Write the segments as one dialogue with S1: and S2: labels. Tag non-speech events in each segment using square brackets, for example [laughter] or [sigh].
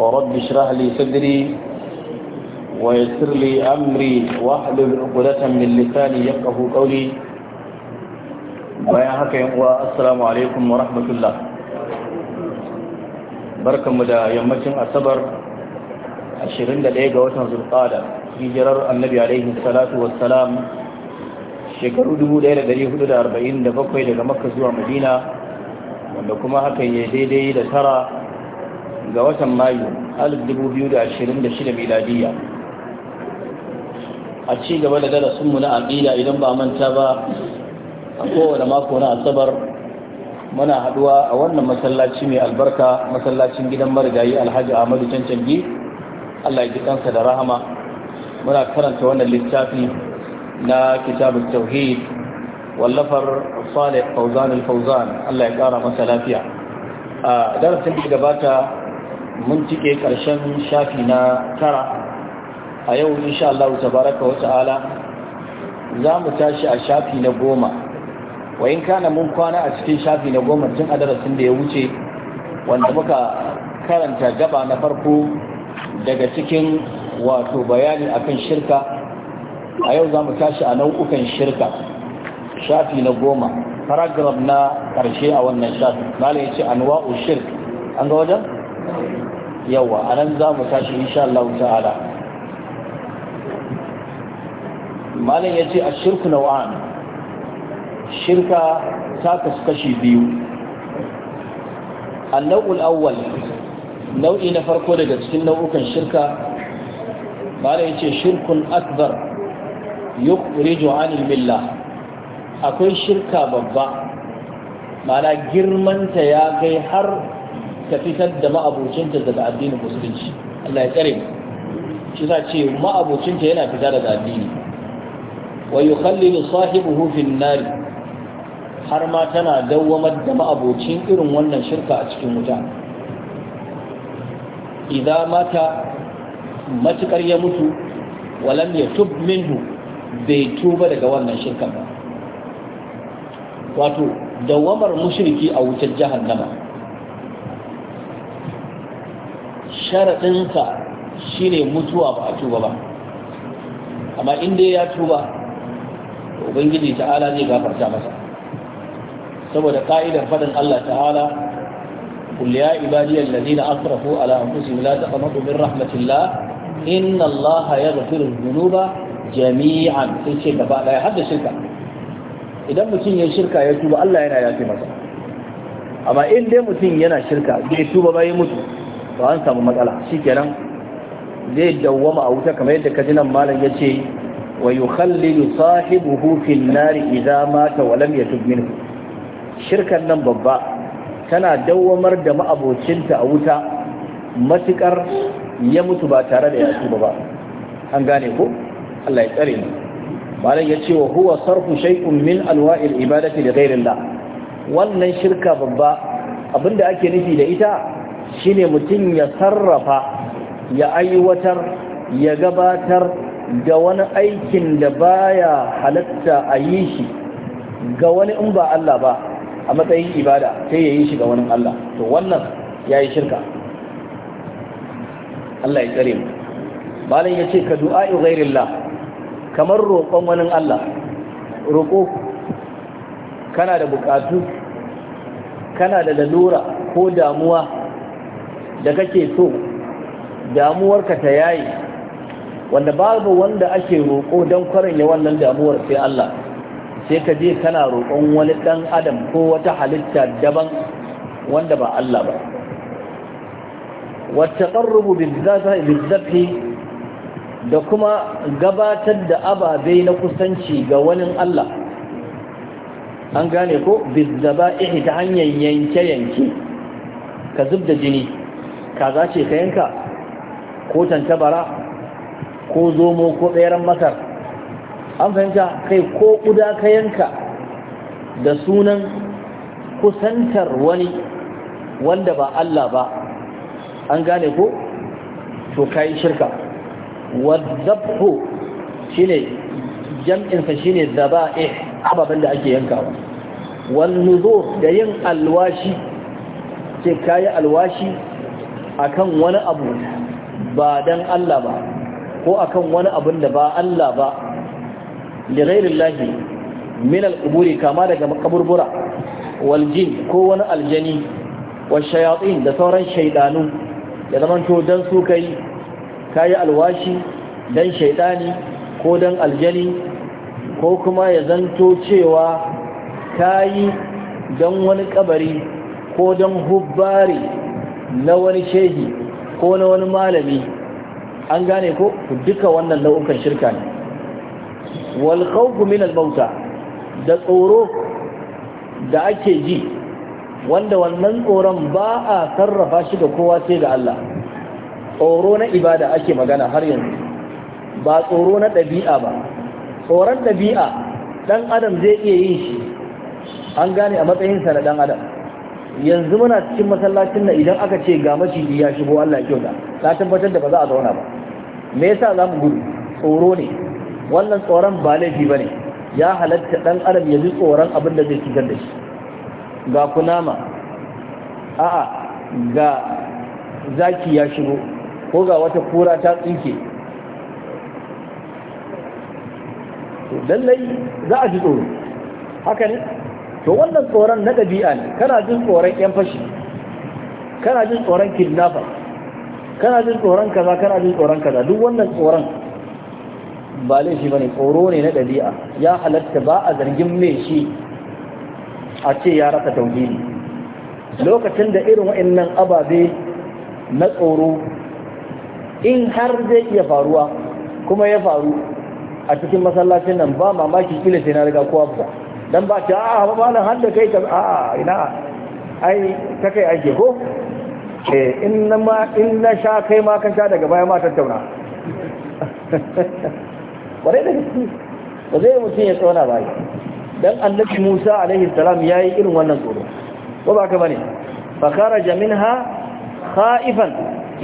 S1: ورب اشرح لي صدري ويسر لي امري واحلل عقده من لساني يفقه قولي بايا هكا السلام عليكم ورحمة الله بركة مدى يمتن أصبر الشرين دليقة وطن القادة في جرر النبي عليه الصلاة والسلام شكر دبو ليلة دليه دل أربعين دفقه لغا مكة مدينة وندكما هكا يديدي لترى ga watan mayu 2026 miladiya a ci gaba da darasinmu na aƙida idan ba manta ba a kowane mako na asabar muna haduwa a wannan masallaci mai albarka masallacin gidan marigayi alhaji ahmadu cancangi allah ya ji kansa da rahama muna karanta wannan littafi na kitabun tauhid wallafar salih fauzan al-fauzan allah ya kara masa lafiya a darasin da gabata mun cike ƙarshen shafi na tara a yau insha Allah tabaraka wa ta'ala za mu tashi a shafi na goma wa in kana mun kwana a cikin shafi na goma tun a darasin da ya wuce wanda muka karanta gaba na farko daga cikin wato bayani akan shirka a yau za mu tashi a nau'ukan shirka shafi na goma paragraf na ƙarshe a wannan shafi malin ya ce anwa'u shirk an ga wajen yawa a nan za mu tashi insha Allah ta'ala malam ya ce a shirku nau'an shirka ta kasu kashi biyu annau'ul awwal nau'i na farko daga cikin nau'ukan shirka malam ya ce shirkun akbar yukhriju anil millah akwai shirka babba mana girmanta ya kai har Ta fitar da ma'abocinta daga addinin musulunci Allah ya tsare mu shi za ce ma'abocinta yana fita daga addini wa yukhallilu sahibuhu fin nar har ma tana dawwamar da ma'abocin irin wannan shirka a cikin wuta idan mata matukar ya mutu walam tub minhu bai tuba daga wannan shirka ba wato dawwamar mushriki a wutar jahannama sharaɗinsa shine mutuwa ba a tuba ba amma inda ya tuba ubangiji ta'ala zai gafarta masa saboda ƙa'idar faɗin Allah ta'ala قل يا na الذين أسرفوا على أنفسهم لا تقنطوا من رحمة الله ya الله يغفر الذنوب جميعا sai ce gaba ɗaya har da shirka idan mutum ya shirka ya tuba Allah yana yafe masa amma in dai mutum yana shirka bai tuba ba ya mutu Ba an samu matsala shikenan zai dawwama a wuta kamar yadda kajinan malam ya ce wa yukhallilu sahibuhu fil nari idza mata wa lam yatub minhu shirkan nan babba tana dawwamar da ma'abocinta a wuta matukar ya mutu ba tare da ya tuba ba an gane ko Allah ya tsare mu malam ya ce wa huwa sarfu shay'un min anwa'il ibadati li ghayrillah wannan shirka babba abinda ake nufi da ita shine mutum ya sarrafa ya aiwatar ya gabatar da wani aikin da baya halatta a yi shi ga wani in ba Allah ba a matsayin ibada sai ya yi shi ga wani Allah to wannan ya yi shirka Allah ya tsare mu malam ya ce ka du'a'i ghairillah kamar roƙon wani Allah roƙo kana da buƙatu kana da lalura ko damuwa da kake so damuwarka ta yayi wanda babu wanda ake roƙo don kwarin ya wannan damuwar sai Allah sai ka je kana roƙon wani ɗan adam ko wata halitta daban wanda ba Allah ba wata ƙarrubu bizzafi da kuma gabatar da ababe na kusanci ga wani Allah an gane ko bizzaba'ihi ta hanyar yanke-yanke ka zub da jini kaza ce ka yanka ko tantabara ko zomo ko tseren masar an fahimta kai ko ƙuda ka yanka da sunan kusantar wani wanda ba Allah ba an gane ko to kai shirka wadzabhu shine jam'insa shine zaba'ih ababen da ake yankawa wal nuzur da yin alwashi ce kayi alwashi akan wani abu ba dan Allah ba ko akan wani abin da ba Allah ba li ghairillahi min al-quburi kama daga makaburbura wal jin ko wani aljani wa shayatin da sauran shaydanu ya zaman to dan su kai kayi alwashi dan shaydani ko dan aljani ko kuma ya zanto cewa kayi dan wani kabari ko dan hubbari na wani shehi ko na wani malami an gane ko duka wannan nau'ukan shirka ne wal khawfu min al da tsoro da ake ji wanda wannan tsoron ba a sarrafa shi ga kowa sai ga Allah tsoro na ibada ake magana har yanzu ba tsoro na ɗabi'a ba tsoron ɗabi'a ɗan adam zai iya yin shi an gane a matsayinsa na ɗan adam yanzu muna cikin masallacin nan idan aka ce ga maciji ya shigo Allah ya kyauta ta tabbatar da ba za a zauna ba me yasa za mu gudu tsoro ne wannan tsoron ba laifi ba ne ya halatta ɗan adam ya ji tsoron abin da zai cutar da shi ga kunama a'a ga zaki ya shigo ko ga wata kura ta tsinke to lallai za a ji tsoro haka ne to wannan tsoron na ɗabi'a ne kana jin tsoron yan fashi kana jin tsoron kidnapper kana jin tsoron kaza kana jin tsoron kaza duk wannan tsoron ba laifi bane tsoro ne na ɗabi'a ya halatta ba a zargin mai shi a ce ya rasa tauhidi lokacin da irin wa'annan ababe na tsoro in har zai iya faruwa kuma ya faru a cikin masallacin nan ba mamaki kila sai na riga kowa ba dan ba ta a ba malam har kai ka a ina ai ta kai ake ko eh in na ma sha kai ma kan sha daga baya ma tattauna kwarai [laughs] da gaske ba zai mutum ya tsona ba dan annabi Musa alaihi salam yayi irin wannan tsoro ko ba ka bane fa kharaja minha khaifan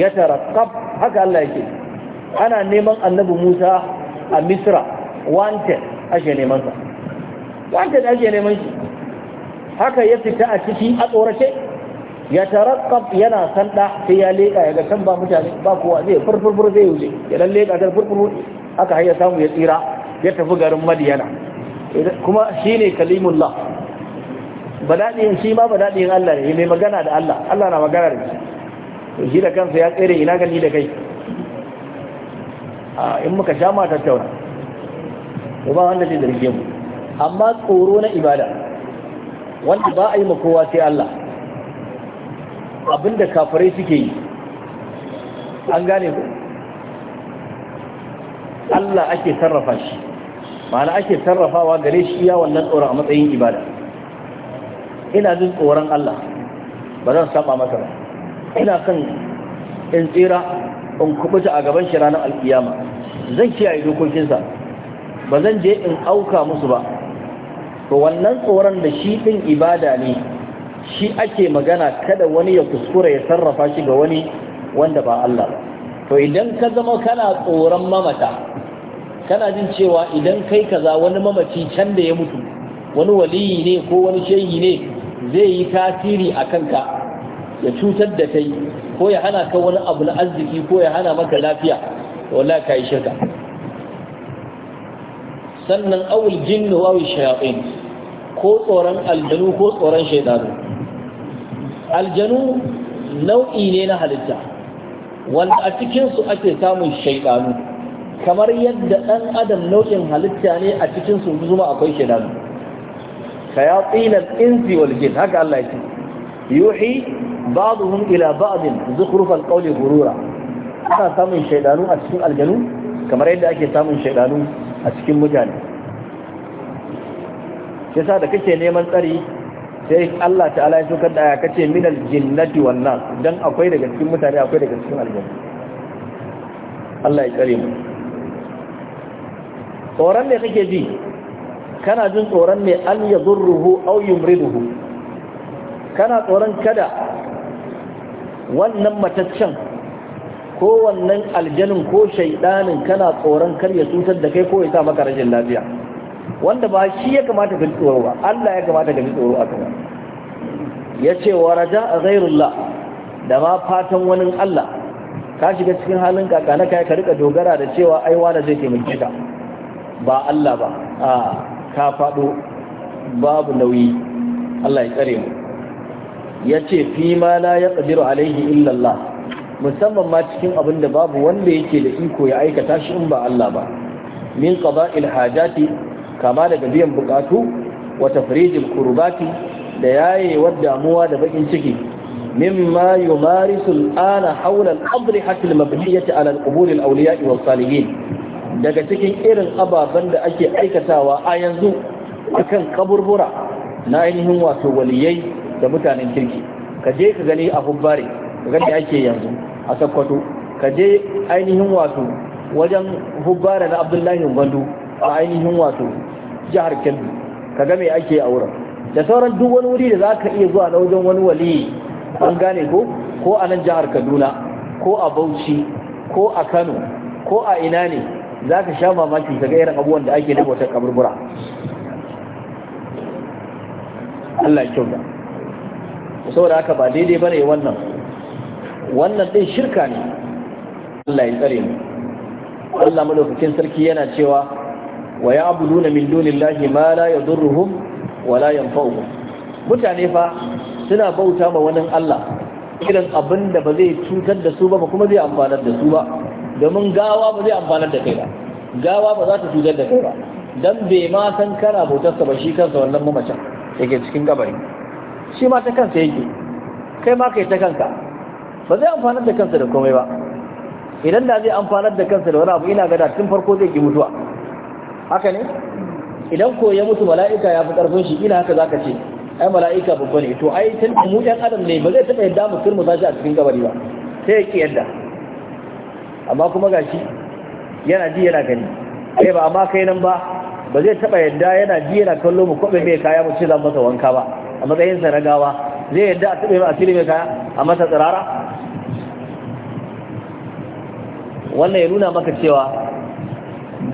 S1: yatarqab haka Allah yake ana neman annabi Musa a Misra wanted ashe neman sa wanda da ake neman shi haka ya fita a ciki a tsorace ya tarakkab yana san da sai ya leka ya ga can ba mutane ba kowa zai furfurfur zai wuce ya dan leka da furfurfur aka har samu ya tsira ya tafi garin madiyana kuma shine kalimullah badadin shi ma badadin Allah ne mai magana da Allah Allah na magana da shi to shi da kansa ya tsere ina gani da kai a in muka sha ma tattauna to ba wanda zai zarge mu amma tsoro na ibada wanda ba a yi makowa sai Allah abinda kafirai suke yi an gane ku Allah ake sarrafa shi ma'ana ake sarrafawa gare shi ya wannan tsoron a matsayin ibada ina jin tsoron Allah ba zan saba masa ba ina kan in tsira in kubuta a gaban shi ranar alkiyama zan kiyaye dokokinsa ba zan je in auka musu ba to wannan tsoron da shi ɗin ibada ne shi ake magana kada wani ya kuskura ya sarrafa shi ga wani wanda ba Allah ba to idan ka zama kana tsoron mamata kana jin cewa idan kai kaza wani mamaci can da ya mutu wani waliyi ne ko wani shehi ne zai yi tasiri a kanka ya cutar da kai ko ya hana ka wani abu na arziki ko ya hana maka lafiya wallahi ka yi shirka sannan awul jinnu awul shayatin ko tsoron aljanu ko tsoron shaidanu aljanu nau'i ne na halitta wanda a cikinsu ake samun shaidanu kamar yadda ɗan adam nau'in halitta ne a cikinsu zuma akwai shaidanu ka ya tsinan insi wal jin haka Allah ya yuhi ba'dhum ila ba'din zukhrufal qawli gurura. ana samun shaidanu a cikin aljanu kamar yadda ake samun shaidanu a cikin mutane Ya sa da kake neman tsari sai Allah ta'ala ya saukar da aya kace minal jinnati wan nas dan akwai daga cikin mutane akwai daga cikin aljanna Allah ya kare mu tsoron me kake ji kana jin tsoron me an yadurruhu aw yumriduhu kana tsoron kada wannan mataccen ko wannan aljanin ko shaidanin kana tsoron kar ya tutar da kai ko ya sa maka rajin lafiya wanda ba shi ya kamata ka tsoro ba Allah ya kamata ka tsoro a kan ya ce wa raja ghairullah da ma fatan wani Allah ka shiga cikin halin kakana kai ka rika dogara da cewa ai wani zai taimake ka ba Allah ba a ka fado babu nauyi Allah ya tsare mu ya ce fi ma la yaqdiru alaihi illa Allah musamman ma cikin abin da babu wanda yake da iko ya aikata shi in ba Allah ba min qada'il hajati kama daga biyan bukatu wata tafrijil kurbati da yayewar damuwa da bakin ciki mimma yumarisu al'ana hawla al-adrihati al-mabniyati ala al-qubur wa salihin daga cikin irin ababen da ake aikatawa a yanzu akan kaburbura na ainihin wato waliyai da mutanen kirki ka je ka gani a hubbare ka gani ake yanzu a sakkwato ka je ainihin wato wajen hubbare na abdullahi gwandu a ainihin wato jihar Kebbi ga me ake a wurin da sauran duk wani wuri da za ka iya zuwa na wajen wani wali an gane ko ko a nan jihar Kaduna ko a Bauchi ko a Kano ko a ina ne ka sha mamaki ga irin abubuwan da ake dafa ta kaburbura Allah ya kyauta saboda haka ba daidai bane wannan wannan din shirka ne Allah ya tsare mu Allah madaukakin sarki yana cewa wa ya'buduna min dunillahi ma la yadurruhum wa la yanfa'uhum mutane fa suna bauta ma wani Allah irin abin da ba zai cutar da su ba kuma zai amfanar da su ba domin gawa ba zai amfanar da kai ba gawa ba za ta cutar da kai ba dan bai ma san kana bautarsa ba shi kansa wannan mamacin yake cikin gabari shi ma ta kansa yake kai ma kai ta kanka ba zai amfanar da kansa da komai ba idan da zai amfanar da kansa da wani abu ina gada tun farko zai ki mutuwa haka ne idan ko ya mutu mala'ika ya fi karfin shi ina haka zaka ce ai mala'ika babba ne to ai tun mu ɗan adam ne ba zai taɓa yadda mu kirmu shi a cikin gabari ba sai ya ki yadda amma kuma gashi yana ji yana gani kai ba amma kai nan ba ba zai taɓa yadda yana ji yana kallo mu kwaɓe mai kaya mu ce mu masa wanka ba a matsayinsa na gawa zai yadda a taɓa mai asiri mai kaya a masa tsirara wannan ya nuna maka cewa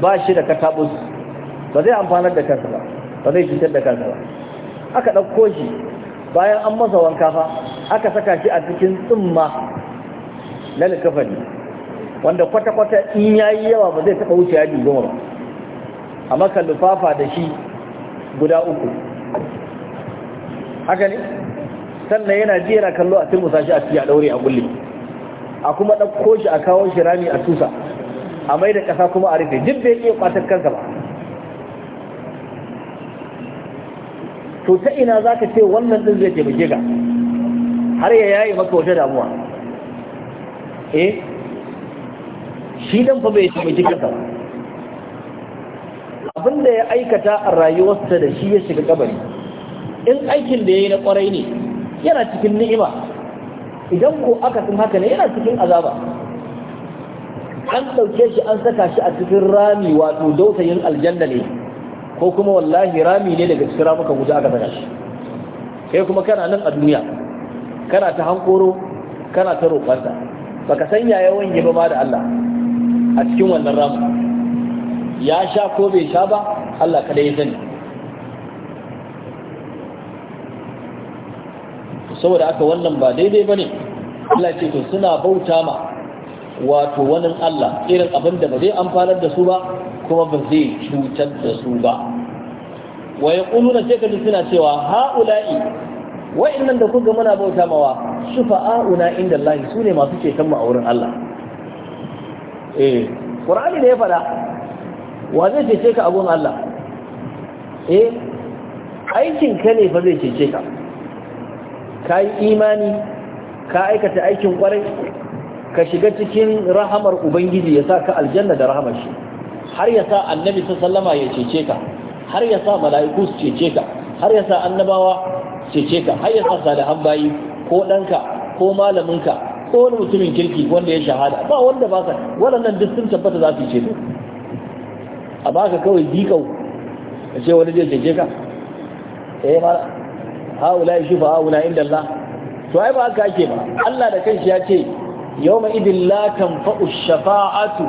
S1: ba shi da katabus ba zai amfanar da kansa ba ba zai cutar da kansa ba aka ɗauko shi bayan an masa wanka fa aka saka shi a cikin tsumma na likafani wanda kwata-kwata in yayi yawa ba zai taɓa wuce yaji goma ba a maka lufafa da shi guda uku haka ne sannan yana ji yana kallo a cikin shi a fiye a ɗaure a kulle a kuma ɗauko shi a kawo shi rami a tusa a mai da ƙasa kuma a rufe duk bai iya ƙwatar kansa ba to ta ina za ka ce wannan ɗin zai taimake ga har ya yayi maka wata damuwa eh shi dan fa bai taimake kansa ba abinda ya aikata a rayuwarsa da shi ya shiga kabari in aikin da ya yi na kwarai ne yana cikin ni'ima idan ko aka sun haka ne yana cikin azaba an ɗauke shi an saka shi a cikin rami wato dautayin aljanna ne ko kuma wallahi rami ne daga cikin ramuka guda aka saka shi kai kuma kana nan a duniya kana ta hankoro kana ta roƙonta baka san yaya wanye ba ma da Allah a cikin wannan ramu ya sha ko bai sha ba Allah kada ya sani saboda aka wannan ba daidai ba ne Allah ce to suna bauta ma wato wani Allah irin abin da ba zai amfanar da su ba kuma ba zai cutar da su ba wa ya ƙununa sai ka ji suna cewa ha'ula'i wa'innan da kuka muna bauta mawa shufa'a'una inda Allah su ne masu ceton mu a wurin Allah eh Ƙur'ani ne ya faɗa wa zai cece ka a Allah eh aikin ka ne fa zai cece ka ka yi imani ka aikata aikin kwarai ka shiga cikin rahamar ubangiji ya sa ka aljanna da rahamar shi har ya sa annabi ta sallama ya cece ka har ya sa mala'iku su cece ka har ya sa annabawa cece ka har ya sa salihan bayi ko ɗanka ko malaminka ko wani mutumin kirki wanda ya shahada ba wanda ba ka waɗannan duk sun tabbata za su ceto a baka kawai dikau a ce wani zai cece ka eh ma haula shi fa haula inda Allah to ai ba haka ake ba Allah da kanshi ya ce yawma idin la tanfa'u shafa'atu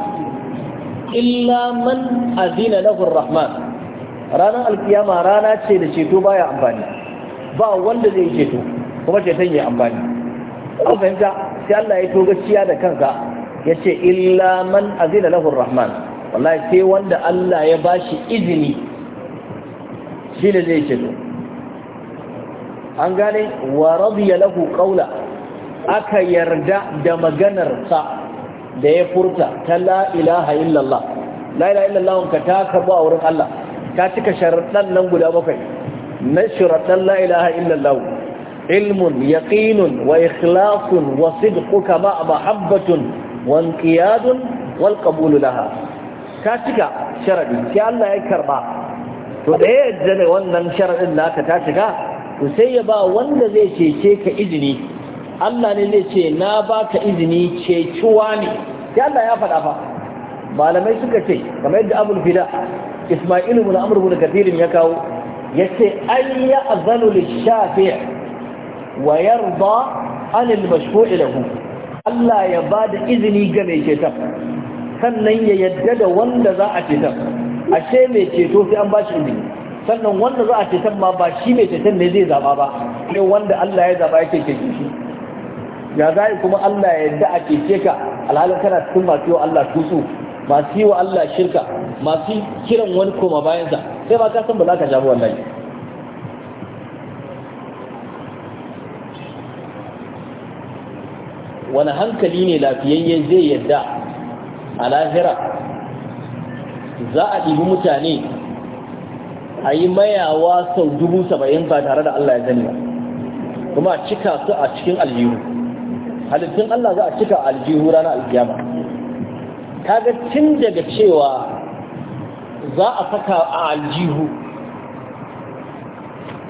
S1: illa man azina lahu rahman ranar alkiyama rana ce da ceto baya amfani ba wanda zai ceto kuma ceton ya amfani an fahimta sai Allah ya toga gaskiya da kansa ya ce illa man azina lahu rahman wallahi sai wanda Allah ya bashi izini shi ne zai ceto an gane wa radiya lahu qawla aka yarda da maganarsa da ya furta ta la ilaha illallah la ilaha illallah ka ta kabu a wurin Allah ka cika sharaɗan nan guda bakwai na sharaɗan la ilaha illallah ilmun yaqinun wa ikhlasun wa sidquka ma mahabbatun wa inqiyadun wal qabul laha ka cika sharadi sai Allah ya karba to da ya wannan sharaɗin naka ta cika to sai ya ba wanda zai cece ka izini Allah ne zai ce na baka izini cecuwa ne sai Allah ya faɗa fa malamai suka ce kamar yadda abul fida isma'ilu bin amr bin kathirin ya kawo yace an ya azanu lishafi' wa yarda an al-mashfu'i lahu Allah ya ba da izini ga mai ceton sannan ya yadda da wanda za a ceton ashe mai ceto sai an bashi izini sannan wanda za a ceton ma ba shi mai ceton ne zai zaba ba sai wanda Allah ya zaba yake ceton shi ya zai kuma Allah ya yadda a keke ka alhalin kana cikin masu yiwa Allah tutsu masu yiwa Allah shirka masu kiran wani koma bayansa sai ba ka san ba ka ja wannan wani hankali ne lafiyayye zai yadda a lahira za a ɗibi mutane a yi mayawa sau dubu saba'in ba tare da Allah ya zani ba kuma cika su a cikin aljihu halittun Allah za a cika aljihu ranar alkiyama kaga tun daga cewa za a saka a aljihu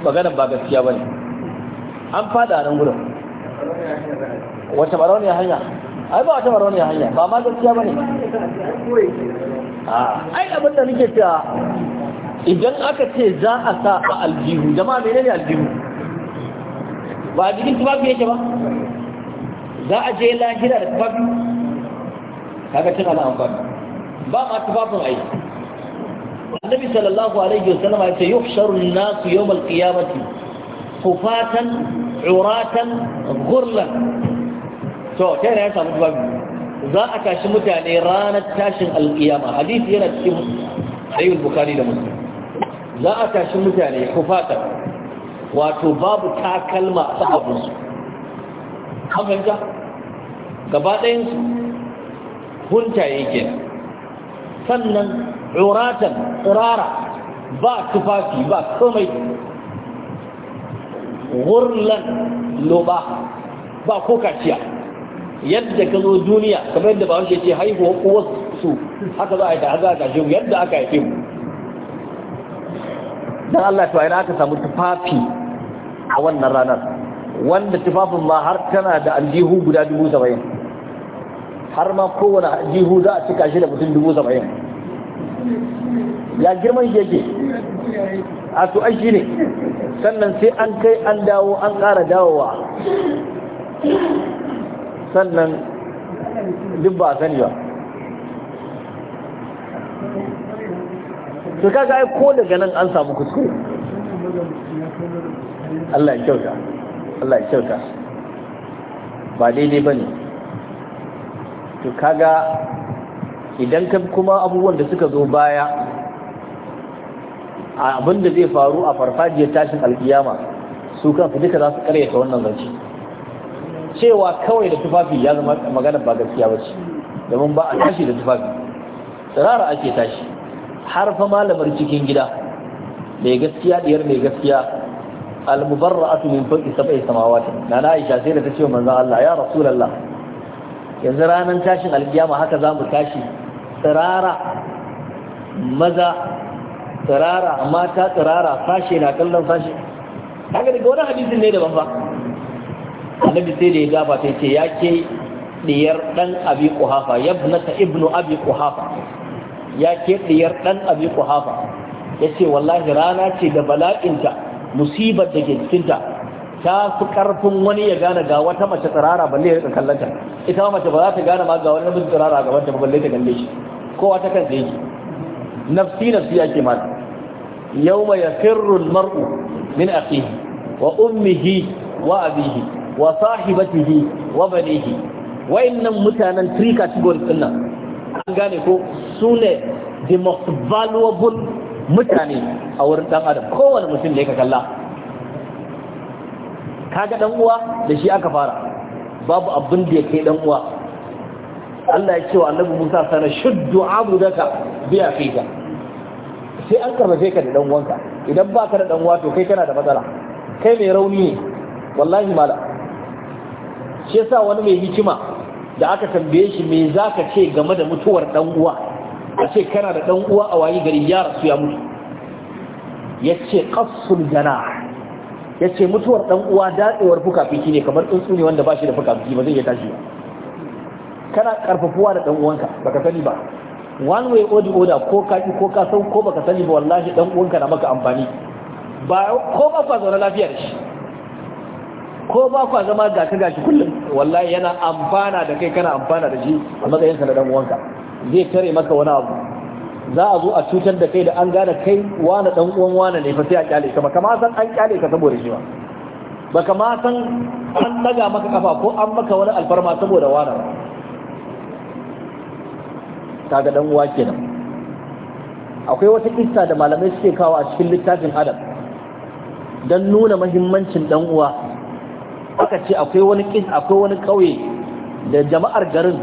S1: maganar ba gaskiya ne. an fada nan gurin wata barauniya hanya ai ba wata barauniya hanya ba ma gaskiya bane ah, ai abin da nake cewa idan aka ce za a sa a aljihu jama'a menene aljihu ba a jikin tufafi yake ba za a je lahira da tufafi kaga cin ana amfani ba ma tufafin ai annabi sallallahu alaihi wasallam ya ce yuhsharu an-nasu yawm al-qiyamati khufatan uratan ghurlan to ta yana samu tufafi za a tashi mutane ranar tashin al-qiyama hadisi yana cikin sahih al-bukhari da muslim za a tashi mutane khufatan wato babu takalma a sahabbansu an fahimta gaba ɗayansu huntaye ke sannan uratan tsirara ba tufafi ba komai gurlan loba ba ko kaciya yadda ka zo duniya kamar yadda ba wace ce haihuwa su haka za a yi da shi yadda aka haife mu don Allah ta ina aka samu tufafi a wannan ranar wanda tufafin ma har tana da aljihu guda dubu saba'in har ma kowane jihu za a cika shi da mutum dubu saba'in ya girman shi yake a su an shi ne sannan sai an kai an dawo an ƙara dawowa sannan duk ba sani ba su kaga ai ko daga nan an samu kuskure Allah ya kyauta Allah ya kyauta ba daidai ne. to kaga idan ka kuma abubuwan da suka zo baya abin da zai faru a farfajiyar tashin alkiyama su kansu duka za su karyata wannan zance cewa kawai da tufafi ya zama magana ba gaskiya ba ce domin ba a tashi da tufafi tsirara ake tashi har fa malamar cikin gida mai gaskiya diyar mai gaskiya al-mubarra'atu min fawqi sab'i samawati nana Aisha sai da ta ce manzon Allah ya rasulullah yanzu ranar tashin alkiyama haka za mu tashi tsirara maza tsirara mata tsirara fashe na kallon fashe haka daga wani hadisin ne daban fa annabi sai da ya gafa sai ce ya ke diyar dan abi kuhafa yabnata ibnu abi kuhafa ya ke diyar dan abi kuhafa ya ce wallahi rana ce da bala'inta musibar da ke cikinta ta fi ƙarfin wani ya gane ga wata mace tsirara balle ya rika kallon ta ita mace ba za ta gane ma ga wani namiji tsirara gaban ta balle ta kalle shi kowa ta kan yake nafsi nafsi ake mata ya yafirru mar'u min akhihi wa ummihi wa abihi wa sahibatihi wa banihi wayannan mutanen three categories din nan an gane ko sune the most valuable mutane a wurin dan adam kowane mutum da ya kalla kaga dan uwa da shi aka fara babu abin da yake dan uwa Allah ya ce wa Annabi Musa sana shuddu abudaka bi afika sai an karbace ka da dan uwanka idan ba ka da dan uwa to kai kana da matsala kai mai rauni ne wallahi mala shi yasa wani mai hikima da aka tambaye shi me zaka ce game da mutuwar dan uwa a ce kana da dan uwa a wayi gari ya rasu ya mutu yace qasul janah ya ce mutuwar ɗan uwa datsewar fuka-fiki ne kamar tsuntsu ne wanda ba shi da fuka ba zai iya tashi ba kana karfafuwa da ɗan uwanka baka sani ba one way or the other ko ka ko ka san ko baka sani ba wallahi ɗan uwanka na maka amfani ba ko ba kwa zaune lafiya da shi ko ba kwa zama ka gashi kullum wallahi yana amfana da kai kana amfana da shi a matsayinsa na ɗan uwanka zai tare maka wani abu za a zo a cutar da kai da an gane kai wane dan uwan wane ne fa sai a kyale ka baka ma san an kyale ka saboda shi ba baka ma san an daga maka kafa ko an maka wani alfarma saboda wane ba kaga dan uwa kenan akwai wata kissa da malamai suke kawo a cikin littafin adam dan nuna mahimmancin dan uwa aka ce akwai wani akwai wani kauye da jama'ar garin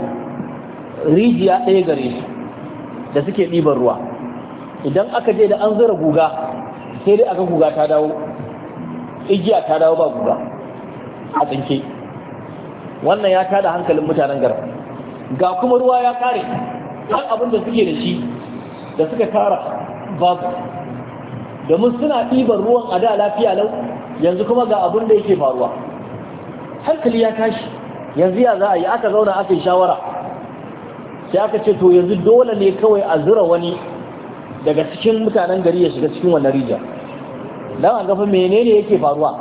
S1: rijiya ɗaya gare su da suke ɗiban ruwa idan aka je da an zura guga sai dai aka guga ta dawo igiya ta dawo ba guga a tsinke wannan ya tada hankalin mutanen garin ga kuma ruwa ya kare har abin da suke da shi da suka tara babu domin suna ɗiban ruwan a da lafiya lau yanzu kuma ga abin da yake faruwa hankali ya tashi yanzu ya za a yi aka zauna aka yi shawara sai aka ce to yanzu dole ne kawai a zura wani daga cikin mutanen gari ya shiga cikin wannan rijiya dan an gafa menene yake faruwa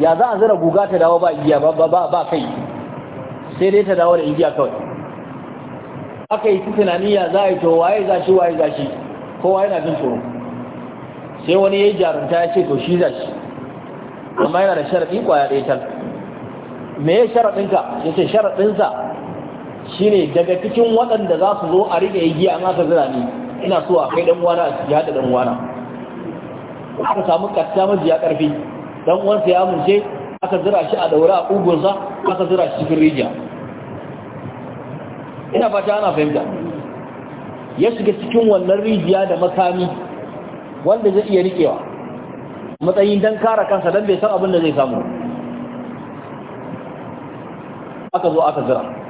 S1: ya za a zura guga ta dawo ba igiya ba ba ba kai sai dai ta dawo da igiya kawai aka yi tunani ya za a yi to waye za shi waye za shi kowa yana jin tsoro sai wani ya yi jarumta ya ce to shi za shi amma yana da sharaɗi kwaya ɗaya tal me ya sharaɗinka ya ce sharaɗinsa shine daga cikin waɗanda za su zo a riƙe igiya an aka zira ni ina so a kai ɗanwana uwana a ciki haɗa ɗanwana uwana aka samu ƙarfi maji ya ƙarfi don wansa ya amince aka zira shi a daura a ƙugunsa aka zira shi cikin rijiya ina fata ana fahimta ya shiga cikin wannan rijiya da makami wanda zai iya riƙewa matsayin don kare kansa don bai san abin da zai samu aka zo aka zira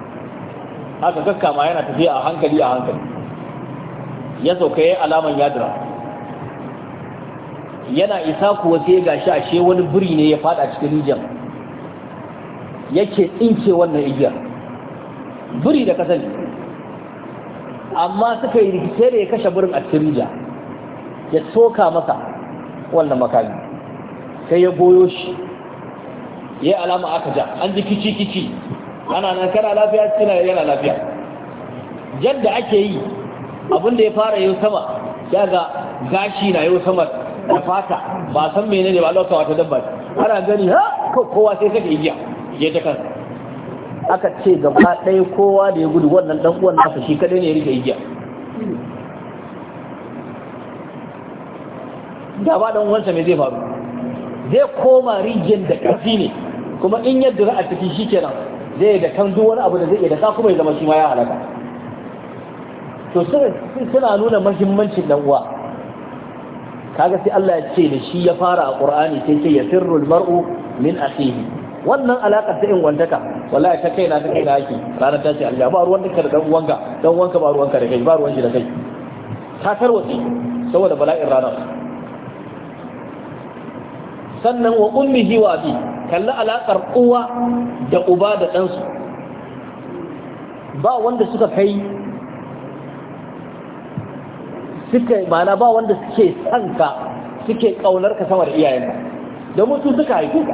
S1: haka kakkama yana tafiya a hankali a hankali ya sauka ya alaman yadira yana isa kuwa sai a she wani buri ne ya fada cikin rijiyar yake tsince wannan igiyar buri da kasance amma suka yi rikice da ya kashe burin a cikin rijiyar ya soka masa wannan makami sai ya goyo shi ya alama aka ja an ji kici kici ana nan kana lafiya yana lafiya yadda ake yi abin ya fara yau sama ya ga gashi na yau sama da fata ba san mene ne ba lauka wata dabba ana gani ha kowa sai saka igiya ya ta kan aka ce gaba ɗaya kowa da ya gudu wannan ɗan uwan nasa shi kadai ne ya rike igiya da ba dan uwansa me zai faru zai koma rijiyar da ƙarfi ne kuma in yadda za a ciki shi kenan zai da kan duk wani abu da zai iya da kuma ya zama shi ma ya halaka to suna nuna mahimmancin dan uwa kaga sai Allah ya ce da shi ya fara a Qur'ani sai ce yasirru al-mar'u min akhihi wannan alaka ta ingantaka wallahi ta kaina ta kaina yake ranar ta ce Allah ba ruwan ka da dan uwanka dan uwanka ba ruwan ka da kai ba ruwan shi da kai ta tarwace saboda bala'in ranar sannan wa ummihi wa abi kalli alaƙar uwa da uba da ɗansu ba wanda suka kai suka mana ba wanda suke sanka suke ƙaunar ka sama da iyayen domin su suka haife ka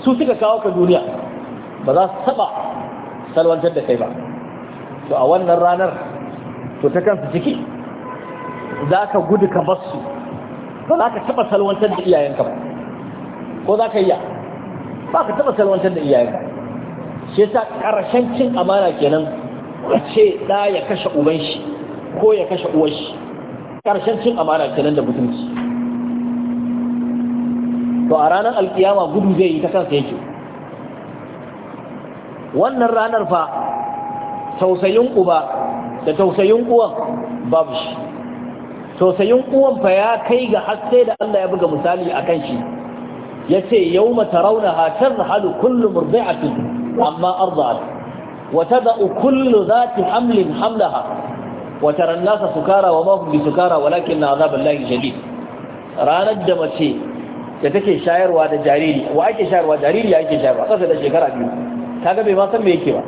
S1: su suka kawo ka duniya ba za su taɓa salwantar da kai ba to a wannan ranar to ta kansu ciki za ka gudu ka basu ba za ka taɓa salwantar da iyayenka ba ko za ka yi ya ba ka taɓa salwantar da iyayen shi yasa karshen cin amana kenan a ce da ya kashe uban shi ko ya kashe uwar shi karshen cin amana kenan da mutunci to a ranar alkiyama gudu zai yi ta kansa yake wannan ranar fa tausayin uba da tausayin uwan babu shi tausayin uwan fa ya kai ga haske da Allah ya buga misali akan shi Ya ce yace yawma tarawnaha tadhhalu kullu murdi'atin amma arda'at wata da kullu dhati hamlin hamlaha wa tara an-nasa sukara wa ma hum bisukara walakin 'adhaballahi shadid ranar da mace da take shayarwa da jariri wa ake shayarwa jariri ake shayarwa kasa da shekara biyu kaga bai ma san me yake ba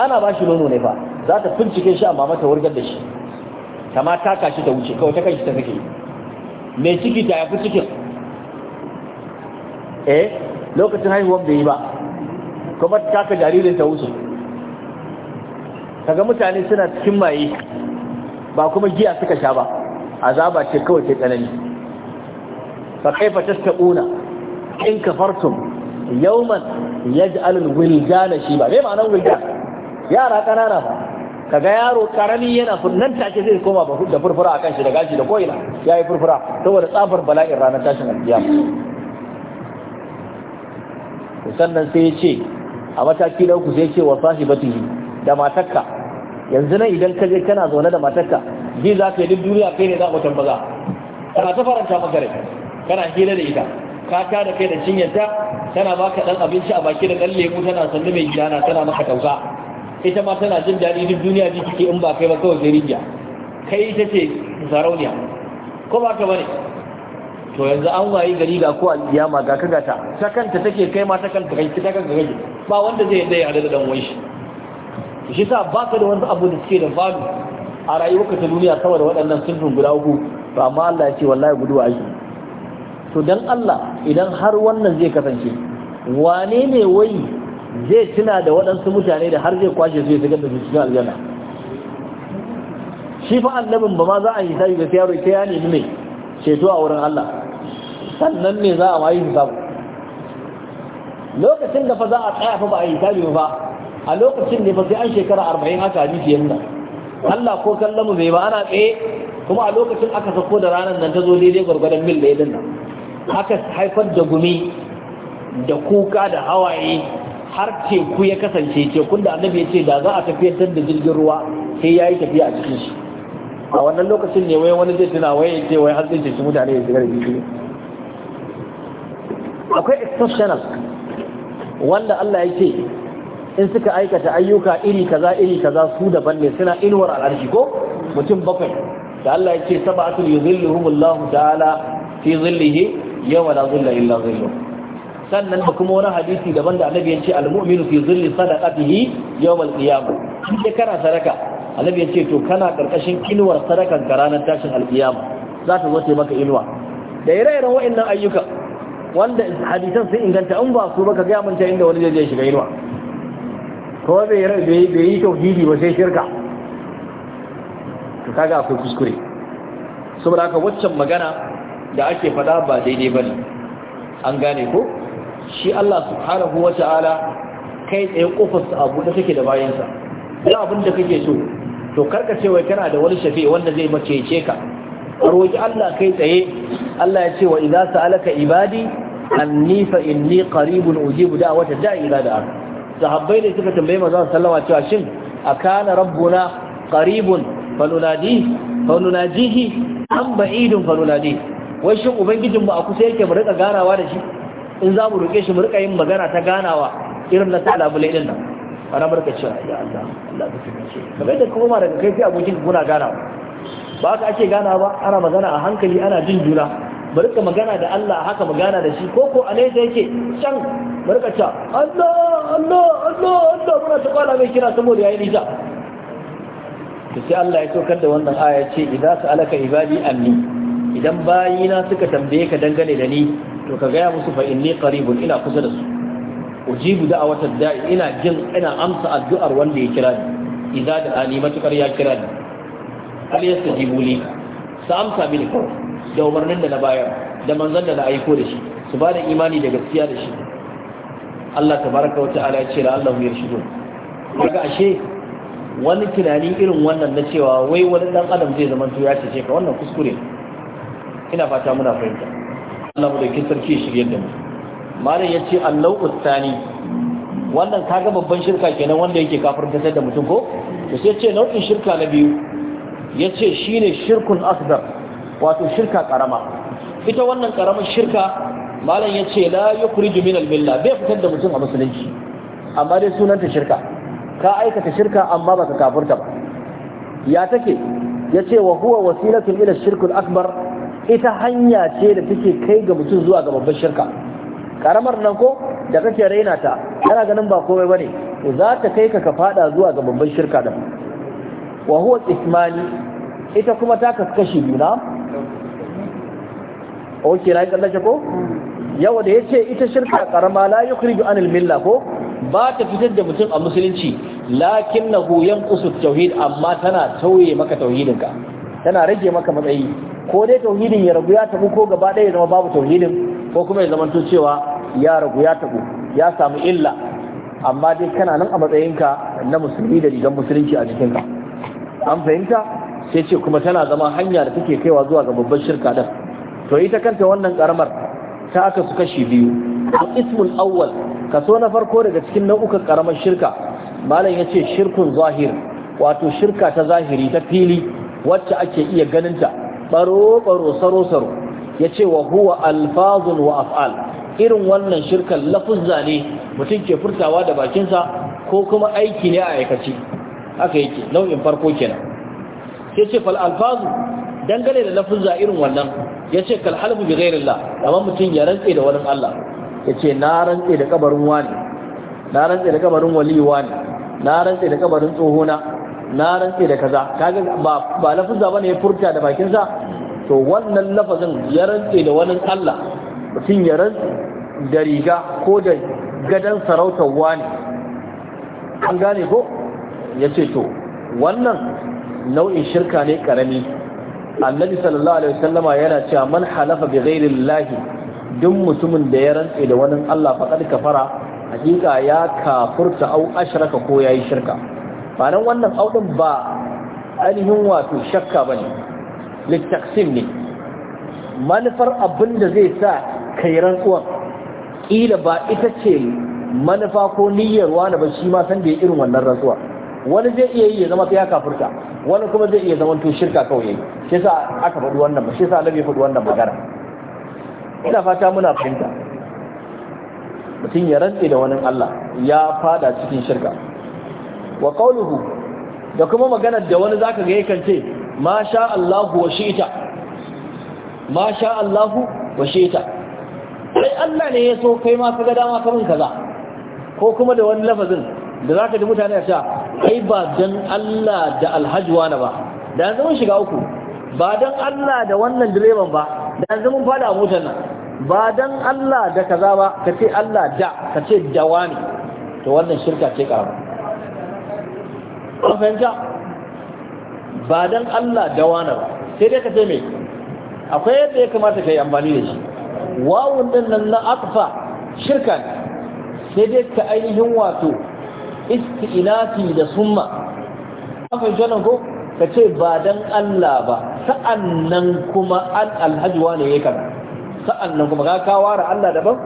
S1: ana ba shi nono ne fa za ta bincike shi amma mata wargar da shi kama taka shi ta wuce kawai ta kai shi ta take me ciki ta yafi cikin eh lokacin haihuwan bai yi ba kuma taka jaririn ta wuce kaga mutane suna cikin maye ba kuma giya suka sha ba azaba ce kawai ce tsanani fa kaifa tattaquna in kafartum yawman yaj'al al-wildan shiba me ma'anar wildan yara kanana ba kaga yaro karami yana nan take zai koma ba da furfura akan shi da gashi da koina yayi furfura saboda tsafar bala'in ranar tashin alkiyama sannan sai ya ce a mataki na uku sai ya ce wa sahibatihi da matakka yanzu nan idan ka je kana zaune da matakka bi za ka yi duk duniya kai ne za ku tambaza kana ta faranta maka rai kana hira da ita ka ta da kai da cinyarta tana baka dan abinci a baki da dan lemu tana sannu mai gidana tana maka tausa ita ma tana jin daɗi duk duniya ji kike in ba kai ba kawai sai kai ita ce sarauniya ko ba ka bane to yanzu an waye gari ga ko alƙiyama ga kaga ta ta kanta take kai ma ta kanta kai ta kaga gari ba wanda zai yadda ya hada da dan uwan shi shi sa ba ka da wani abu da suke da babu a rayuwarka ta duniya saboda da waɗannan sunfin guda uku to amma Allah ya ce wallahi guduwa ake to dan Allah idan har wannan zai kasance wane ne wai zai tuna da waɗansu mutane da har zai kwashe su ya shiga da su cikin aljanna shi fa annabin ba ma za a yi sai ga yaro ta ya nemi mai ceto a wurin Allah sannan ne za a ma yi hisabu lokacin da fa za a tsaya fa ba a yi hisabi ba a lokacin ne fa sai an shekara arba'in aka hadisi fiye nuna Allah ko kallon mu bai ba ana tsaye kuma a lokacin aka sako da ranar nan ta zo daidai gwargwadon mil da ya aka haifar da gumi da kuka da hawaye har teku ya kasance tekun da annabi ya ce da za a tafiyar da jirgin ruwa sai ya yi tafiya a cikin shi a wannan lokacin ne wai wani zai tuna wai ya ce wai har zai ce shi mutane ya shiga da jirgin akwai exceptional wanda Allah ya ce in suka aikata ayyuka iri kaza iri kaza su daban ne suna inuwar al'arshi ko mutum bakwai da Allah ya ce sab'atul yuzilluhumullahu ta'ala fi zillihi yawma la zilla illa zilluhu sannan da kuma wani hadisi daban da annabi ya ce almu'minu fi zilli sadaqatihi yawmal qiyam in dai kana sadaka annabi ya ce to kana karkashin inuwar sadakan ka ranar tashin alqiyama za ta zo ta maka inuwa da ire-iren wa'annan ayyukan. wanda hadisan sun inganta in ba su ba ka gaya mun ta inda wani zai je shiga inuwa ko bai yi tauhidi ba sai shirka to kaga akwai kuskure saboda haka waccan magana da ake fada ba daidai bane an gane ko shi Allah subhanahu ta'ala kai tsaye sa abu da take da bayansa da abin da kake so to karka ce wai kana da wani shafi wanda zai macece ka roki Allah kai tsaye Allah ya ce wa idza sa'alaka ibadi anni fa inni qaribun ujibu da'wata da'i ila da'a sahabbai ne suka tambaye manzo sallama cewa shin akana rabbuna qaribun falunadi falunajihi am ba'idun falunadi wai shin ubangijin mu a kusa yake mu rika ganawa da shi in za mu roke shi mu rika yin magana ta ganawa irin na ta'ala bulai din nan ana barka cewa ya Allah Allah ka tsare kamar da kuma daga kai sai abokin kuna ganawa ba ka ake ganawa ba ana magana a hankali ana jin juna bari ka magana da Allah haka magana da shi ko ko a nesa yake can bari ka ca Allah Allah Allah Allah muna ta kwala mai kira saboda yayi nisa to sai Allah ya tokar da wannan aya ce idza sa'alaka ibadi anni idan bayina suka tambaye ka dangane da ni to ka gaya musu fa inni qaribun ina kusa da su ujibu da'awata da'i ina jin ina amsa addu'ar wanda ya kira ni idza da ali matukar ya kira ni al yastajibu li sa amsa bil kawai da umarnin da na bayar da manzon da na aiko da shi su ba da imani da gaskiya da shi Allah tabaraka wa ta'ala ya ce la Allah ya shigo daga ashe wani tunani irin wannan na cewa wai wani dan adam zai zama to ya ce ka wannan kuskure ina fata muna fahimta Allah mu da kin sarki shirye da mu malam ya ce Allah ustani wannan kaga babban shirka kenan wanda yake kafirta da mutum ko to sai ce nau'in shirka na biyu yace shine shirkun asghar wato shirka karama ita wannan karamar shirka malam ya ce la yukhriju min al-milla bai fitar da mutum a musulunci amma dai sunanta shirka ka aikata shirka amma ba baka kafurta ba ya take yace wa huwa wasilatun ila shirkul akbar ita hanya ce da take kai ga mutum zuwa ga babban shirka karamar nan ko da kake raina ta kana ganin ba komai bane za ta kai ka ka fada zuwa ga babban shirka da. wa huwa ismani ita kuma ta kaskashi biyu na ok na yi tsallake ko yau da ya ce ita shirka karama la yukhriju anil milla ko ba ta fitar da mutum a musulunci lakin na huyan kusur tauhid amma tana tauye maka tauhidinka tana rage maka matsayi ko dai tauhidin ya ragu ya tabu ko gaba ɗaya zama babu tauhidin ko kuma ya zamanto cewa ya ragu ya tabu ya samu illa amma dai kana nan a matsayinka na musulmi da rigar musulunci a jikinka an fahimta sai ce kuma tana zama hanya da take kaiwa zuwa ga babban shirka din to ita kanta wannan karamar ta aka su kashi biyu al-ismul awwal kaso na farko daga cikin nau'ukan karamar shirka malam yace shirkun zahir wato shirka ta zahiri ta fili wacce ake iya ganinta baro baro saro saro yace wa huwa alfazun wa af'al irin wannan shirkan lafuzza ne mutum ke furtawa da bakinsa ko kuma aiki ne a aikaci haka yake nau'in farko kenan sai ce fal alfazu dangane da lafuzza irin wannan ya ce kal halfu bi la, amma mutum ya rantse da wani Allah ya ce na rantse da kabarin wani na rantse da kabarin wali wani na rantse da kabarin tsohona na rantse da kaza kaga ba ba lafuzza bane ya furta da bakin sa to wannan lafazin ya rantse da wani Allah mutum ya rantse da riga ko da gadan sarautar wani an gane ko yace to wannan nau'in shirka ne karami annabi sallallahu alaihi wasallama yana cewa man halafa bi ghairi duk mutumin da ya rantse da wani Allah faqad kafara hakika ya kafurta au ashraka ko yayi shirka ba wannan audin ba ainihin wato shakka bane littaksim ne manufar abin da zai sa kai rantsuwan kila ba ita ce manufa ko niyyar wani ba shi ma san da ya irin wannan rantsuwa wani zai iya yi ya zama sai ya kafurta wani kuma zai iya zamanto shirka kawai shi sa aka faɗi wannan ba shi sa annabi faɗi wannan magana ina fata muna fahimta mutum ya rantse da wani Allah ya fada cikin shirka wa qawluhu da kuma maganar da wani zaka ga yakan ce ma sha Allahu wa shi'ta ma sha Allahu wa shi'ta sai Allah ne ya so kai ma ka ga dama kamun kaza ko kuma da wani lafazin da zaka ji mutane ya ce ai ba dan Allah da alhaji wani ba da yanzu mun shiga uku ba dan Allah da wannan direban ba da yanzu mun fada a motar nan ba dan Allah da kaza ba ka ce Allah da ka ce da wani to wannan shirka ce karama an fahimta ba dan Allah da wani ba sai dai ka ce me akwai yadda ya kamata ka yi amfani da shi wawun din nan na akfa shirka sai dai ka ainihin wato isti'inafi da summa haka jana ko ka ce ba dan Allah ba sa'annan kuma an alhaji wane ya kan sa'annan kuma ka kawo ra Allah daban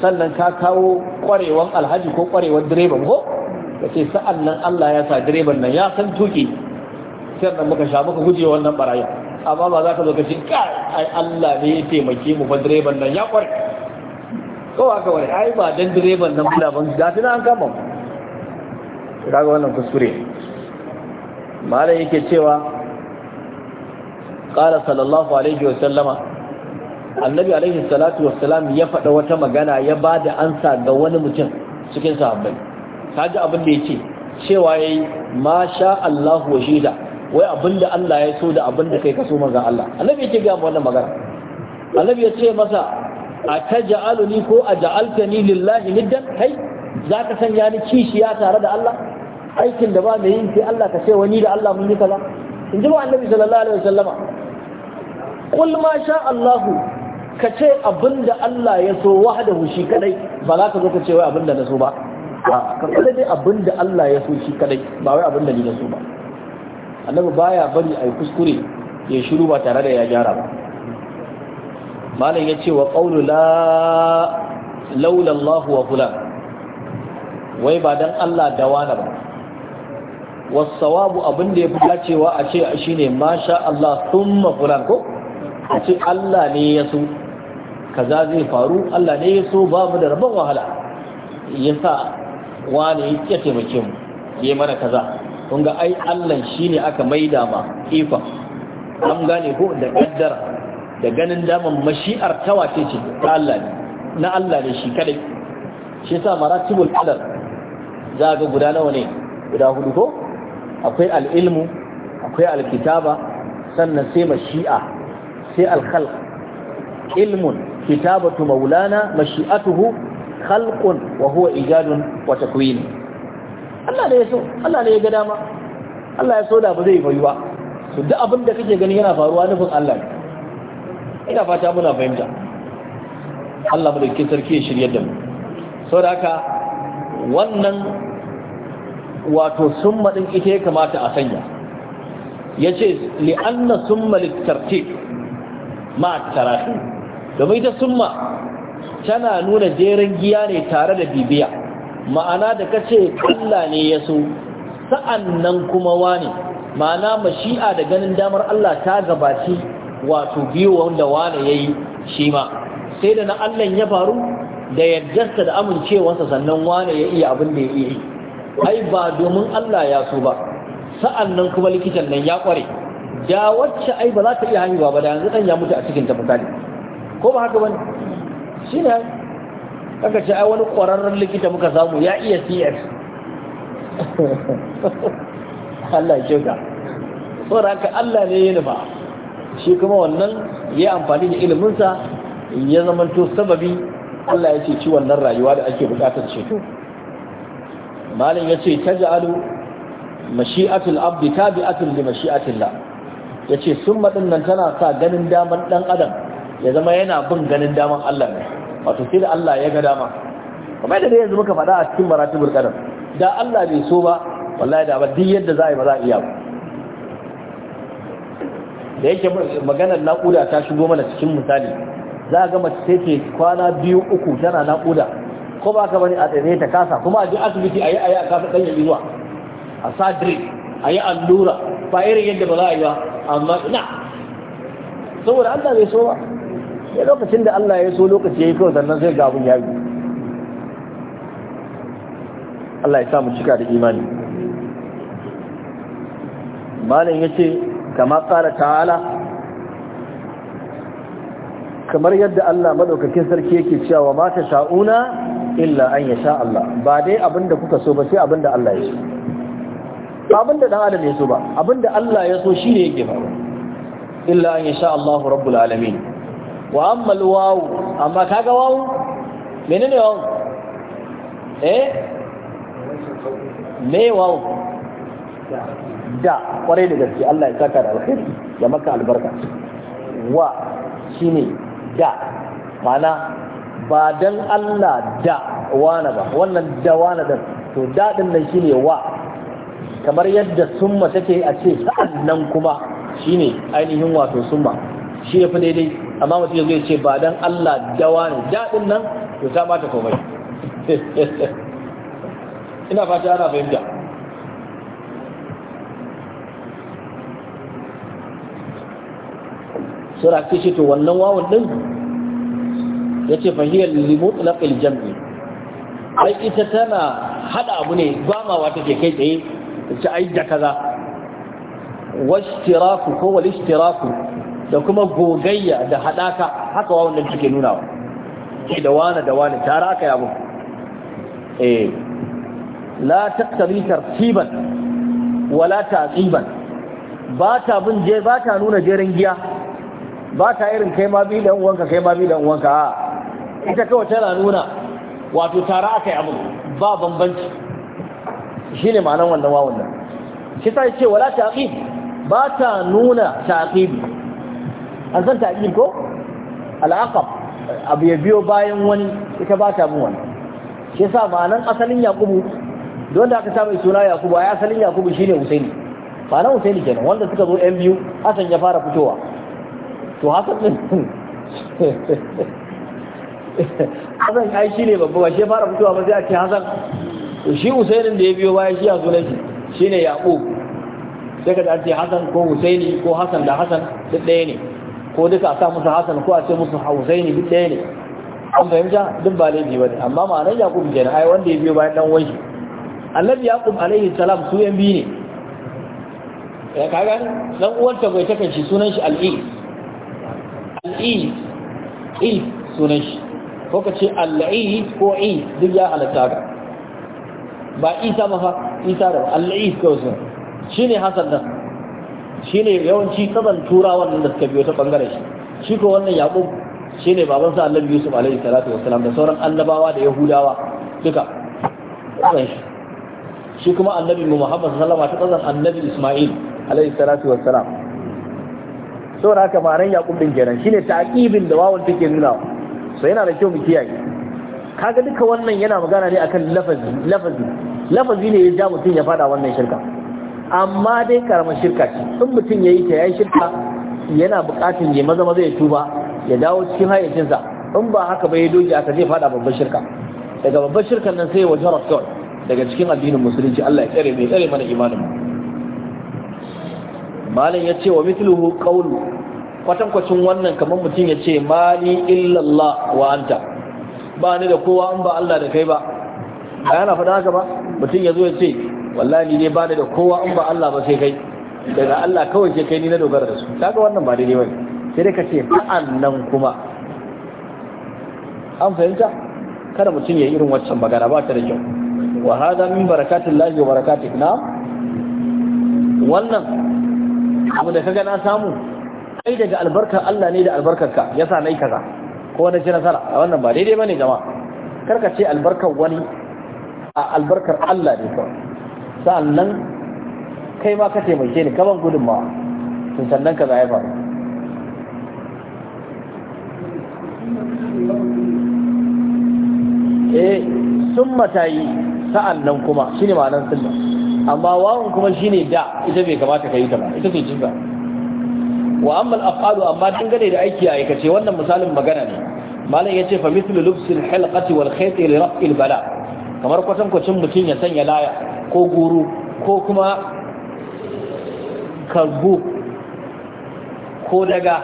S1: sannan ka kawo kwarewan alhaji ko kwarewan direban ko ka ce sa'annan Allah ya sa direban nan ya san tuki sannan muka sha muka guje wannan barayin amma ba za ka zo ka ce kai ai Allah ne ya taimake mu fa direban nan ya kware ko aka wani ai ba dan direban nan kula ban da tana an kama mu kaga wannan kuskure malam yake cewa qala sallallahu alaihi wa sallama annabi alaihi salatu wa salam ya faɗa wata magana ya ba da ansa ga wani mutum cikin sahabbai kaji abin da yake cewa yayi ma sha Allahu wa shida wai abinda Allah ya so da abinda kai ka so manzon Allah annabi yake ga wannan magana annabi ya ce masa a ataj'aluni ko a aj'altani lillahi niddan kai zaka sanya ni kishiya tare da Allah aikin da ba mai yin sai Allah ka ce wani da Allah mun yi kaza in ji ba annabi sallallahu alaihi wasallama kul ma sha Allah ka ce abinda Allah ya so wahdahu shi kadai ba za ka zo ka ce wai abinda na so ba ka kada dai abinda Allah ya so shi kadai ba wai abinda ni na so ba annabi baya bari ai kuskure ya shiru ba tare da ya gyara ba malam ya ce wa qawlu la laula Allah wa fulan wai ba dan Allah da wani ba wasawabu abin da ya fi dacewa a ce shi ne masha Allah sun mafulan ko a ce Allah ne ya so kaza zai faru Allah ne ya so babu da rabon wahala ya sa wani ya taimake mu ya mana kaza kun ga ai Allah shi ne aka maida ma ifa an gane ko da kaddara da ganin daman mashi'ar tawace ce ta Allah ne na Allah ne shi kadai shi sa maratibul qadar za ga guda nawa ne guda hudu ko akwai al'ilmu akwai alkitaba sannan sai mashi'a sai alkhalq ilmun kitabatu maulana mashi'atuhu khalqun wa huwa ijadun wa takwin Allah ne ya so Allah ne ya ga dama Allah ya so da ba zai bayu ba to duk abin da kake gani yana faruwa nufin Allah ne ina fata muna fahimta Allah mu da sarki ya shiryar da mu saboda haka wannan wato summa din ita ya kamata a sanya yace li anna summa litartib ma domin ita summa tana nuna jerin giya ne tare da bibiya ma'ana da kace Allah ne ya so sa'annan kuma wani ma'ana mashi'a da ganin damar Allah ta gabaci wato biyo wanda wani yayi shi ma sai da na Allah ya faru da yardarsa da amincewarsa sannan wane ya iya abin da ya iya ai ba domin Allah ya so ba sa'annan kuma likitan nan ya kware da wacce ai ba za ta iya haihuwa ba da yanzu dan ya mutu a cikin ta misali ko ba haka bane shine kaga ce ai wani kwararren likita muka samu ya iya CS [laughs] Allah ya kyauta saboda Allah ne ya ba, shi kuma wannan ya amfani da iliminsa ya zamanto sababi Allah ya ce ci wannan rayuwa da ake bukatar ceto ya ce, ta ja'alu mashi'atul abdi tabi'atun li mashi'atillah ce summa din nan tana sa ganin daman dan adam ya zama yana bin ganin daman Allah ne wato sai da Allah ya ga dama kamar da yanzu muka faɗa a cikin maratibul qadar da Allah bai so ba wallahi da ba duk yadda za a yi ba za a iya ba da yake maganar naƙuda ta shigo mana cikin misali za a gama sai ke kwana biyu uku tana naƙuda ko ba ka bane a tsaye ta kasa kuma a je asibiti a yi a yi a kasa kan yabi zuwa a sa a yi allura ba irin yadda ba za a yi ba amma ina saboda Allah bai so ba sai lokacin da Allah ya so lokaci ya yi kawai sannan sai ga abun ya yi Allah ya sa mu cika da imani malam ce kama qala ta'ala kamar yadda Allah madaukakin sarki yake cewa mata sha'una illa an yasha Allah ba dai abinda kuka so ba sai abinda Allah ya so ba abinda dan adam ya so ba abinda Allah ya so shine yake ba. illa an yasha Allah rabbul alamin wa amma alwaw amma kaga waw menene waw eh me waw da kwarai da gaske Allah ya saka da alkhairi ya maka albarka wa shine da ma'ana ba dan Allah da wana ba wannan da wana da to daɗin nan shine wa kamar yadda summa take a ce sa'an nan kuma shine ainihin wato summa shi yafi daidai amma mutum zai ce ba dan Allah da wani daɗin nan to ta bata komai [laughs] ina fata ana fahimta sura ce to wannan wawan din yace fa hiya limutlaqil jam'i ai ita tana hada abu ne gwamawa take kai tsaye ta ai da kaza washtiraku ko wal ishtiraku da kuma gogayya da hadaka haka wa wannan take nuna wa da wani da wani tare aka yabo eh la taqtabi tartiban wala taqiban ba ta bin je ba ta nuna jerin giya ba ta irin kai ma bi da uwanka kai ma bi da uwanka a'a ita kawai tana nuna wato tara aka yi abu ba bambanci shi ne ma'anar wannan wawon nan shi ta ce wala taƙib ba ta nuna taƙib an san taƙib ko al'aqab abu ya biyo bayan wani ita ba ta bin wani shi sa ma'anar asalin yakubu don da aka sami suna yakubu a asalin yakubu shi ne husaini ma'anar husaini kenan wanda suka zo yan biyu hasan ya fara fitowa to haka din [laughs] hasan ai shi ne babba ba shi fara fitowa ba sai a ce hasan shi husainin da ya biyo baya shi a zuwa shi shi ne yaƙo sai ka ce hasan ko husaini ko hasan da hasan duk ɗaya ne ko duka a sa musu hasan ko a ce musu husaini duk ɗaya ne an fahimta duk ba laifi ba ne amma ma'anar yaƙub kenan ai wanda ya biyo bayan ɗan wani annabi yaƙub alaihi salam su yan biyu ne ya kaga dan uwarta bai takan shi sunan shi al'i al'i il sunan shi ko ka ce al'i ko i duk ya halatta ka ba isa ba fa isa da al'i ko sun shine hasan nan shine yawanci kaban turawan nan da suka biyo ta bangare shi shi ko wannan yaqub shine baban sa annabi yusuf alaihi salatu wassalam da sauran annabawa da yahudawa duka shi kuma annabi muhammad sallallahu alaihi wasallam ta kazan annabi isma'il alaihi salatu wassalam saboda haka maran yaqub din kenan shine taqibin da wawan take nuna so yana da kyau mu kiyaye kaga duka wannan yana magana ne akan lafazi lafazi lafazi ne ya ja mutum ya fada wannan shirka amma dai karamar shirka ce in mutum ya yi ta yayi shirka yana bukatun ya maza maza ya tuba ya dawo cikin hayyacinsa in ba haka ba ya doge aka zai fada babban shirka daga babban shirkan nan sai wajen rasul daga cikin addinin musulunci Allah ya tsare mai tsare mana imanin malam ya ce wa mithluhu qawlu kwatankwacin wannan kamar mutum ya ce ni illallah wa anta ba ni da kowa in ba Allah da kai ba a yana faɗa haka ba mutum ya zo ya ce wallahi ne ba ni da kowa in ba Allah ba sai kai daga Allah kawai ke kai ni na dogara da su kaga wannan ba daidai bane sai dai ka ce ba'an nan kuma an fahimta kada mutum ya yi irin waccan magana ba ta da kyau wa hada min barakatin lahi wa barakatih na wannan abu da kaga na samu ai daga albarkar Allah ne da albarkarka yasa nayi kaza ko wani ci nasara a wannan ba daidai bane jama'a karka ce albarkar wani a albarkar Allah ne kawai sannan kai ma ka taimake ni kaman gudunmawa to sannan kaza ya faru eh sun matayi sa'an nan kuma shine ma'anar sunna amma wawan kuma shine da ita bai kamata ka yi ta ba ita ce jinka wa amma al-af'alu amma dangane da aiki a aikace wannan misalin magana ne malam yace fa mithlu lubsil halqati wal khayti li raf'il bala kamar kwatan kwacin mutum ya sanya laya ko guru ko kuma karbu ko daga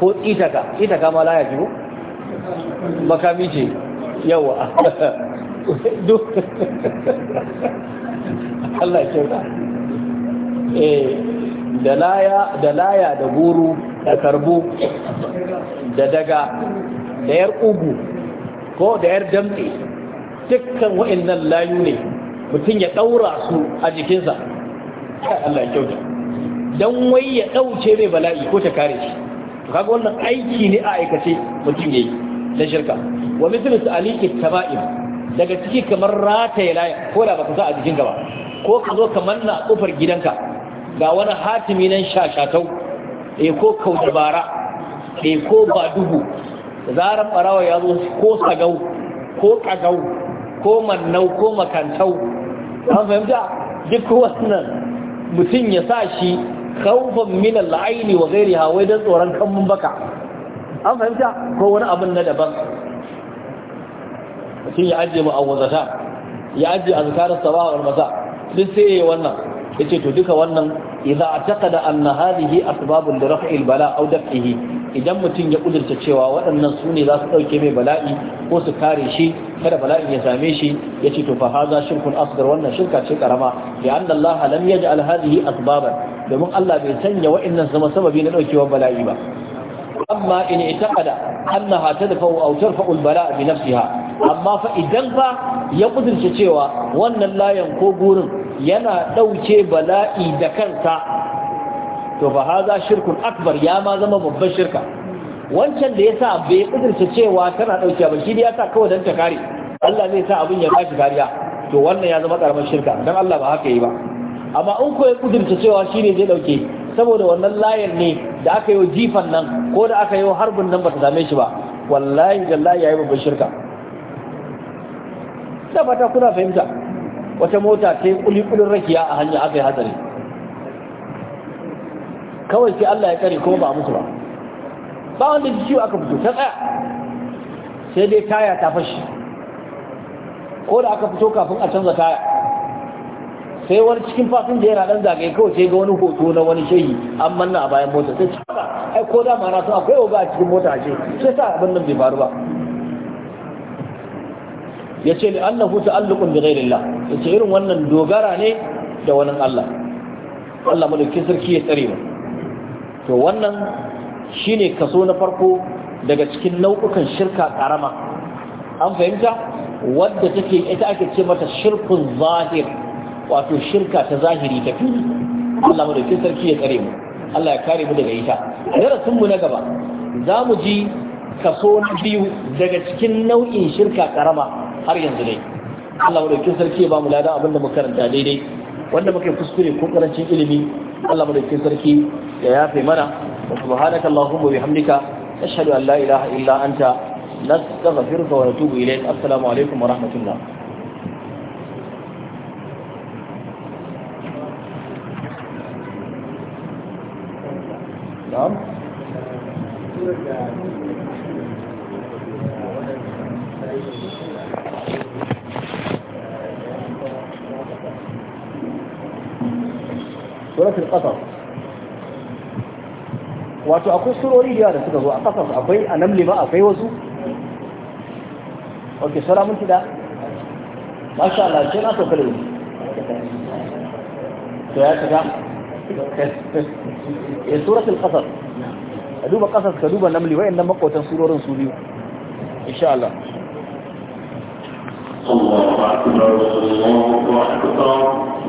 S1: ko itaka itaka ma laya ce ko makami ce yawa [laughs] duk [laughs]
S2: Allah ya kyauta
S1: eh. da laya da guru da karbu da karbo da daga da yar ugu ko da yar damɗe dukkan wa'annan layu ne mutum ya ɗaura su a jikinsa Allah ya kyauta don wai ya ɗauce mai bala'i ko ta kare shi kaga wannan aiki ne a aikace mutum ya yi na shirka wa mutum su ta'liqi taba'in daga ciki kamar rataye laya ko da baka sa a jikin ba ko ka zo kamar na kofar gidanka ga wani hatimi nan shashatau e eh, ko kaudabara e eh, ko baduhu zarar barawa ya zo ko sagau ko kagau ko mannau ko makantau an fahimta duk wannan mutum ya sa shi khawfan min al-aini wa ghayriha wai dan tsoron kan baka an fahimta ko wani abin na daban mutum ya ajiye mu mu'awwazata ya ajiye azkarar sabah wal masa duk sai yi wannan yace to duka wannan idza ataqada anna hadhihi asbabun li raf'il bala aw daf'ihi idan mutum ya kudurta cewa waɗannan su ne za su ɗauke mai bala'i ko su kare shi kada bala'in ya same shi ya ce to fa haza shirkun asgar wannan shirka ce karama bi anna Allah lam yaj'al hadhihi asbaban domin Allah bai sanya waɗannan zama sababi na ɗaukewar bala'i ba amma in itaqada annaha tadfa'u aw tarfa'u al bi nafsiha amma fa idan fa ya kudurta cewa wannan layan ko gurin yana ɗauke bala'i da kansa to fa haza shirkun akbar ya ma zama babban shirka wancan da yasa bai kudurta cewa tana ɗauke ba shi ya sa kawai dan ta kare Allah zai sa abin ya bashi kariya to wannan ya zama karamar shirka dan Allah ba haka yi ba amma in ko ya cewa shi ne zai ɗauke saboda wannan layar ne da aka yi jifan nan ko da aka yi harbin nan ba ta same shi ba wallahi gallahi ya yi babban shirka da fata kuna fahimta wata mota ta yi kulikulin rakiya a hanyar aka yi hatsari kawai sai Allah ya kare kuma ba musu ba ba wanda ciwo aka fito ta tsaya sai dai taya ta fashi ko da aka fito kafin a canza taya sai wani cikin fasin da yana ɗan zagaye kawai sai ga wani hoto na wani shehi an manna a bayan mota sai ci ai ko da ma na so akwai oga a cikin mota a ce sai sa abin nan bai faru ba Ya yace li annahu ta'alluqun bi ghairillah yace irin wannan dogara ne da wani Allah Allah madaukakin sarki ya tsare mu to wannan shi ne kaso na farko daga cikin nau'ukan shirka karama an fahimta wadda take ita ake ce mata shirkun zahir wato shirka ta zahiri ta fi. Allah madaukakin sarki ya tsare mu Allah ya kare mu daga ita darasin mu na gaba za mu ji kaso na biyu daga cikin nau'in shirka karama har yanzu dai Allah madaukin sarki ya ba mu ladan abin da muka karanta daidai wanda muka kuskure ko karancin ilimi Allah madaukin sarki ya yafe mana wa subhanaka allahumma bihamdika ashhadu an la ilaha illa anta nastaghfiruka wa natubu ilayk assalamu alaikum wa rahmatullah نعم suratul qasas wato akwai surori da yawa da suka zo a kasar akwai a namli akwai wasu ok sura mun tida masha Allah sai na kokare ne to ya taga ya suratul qasas ka duba qasas ka duba namli wayannan makotan surorin su biyu insha Allah الله أكبر الله أكبر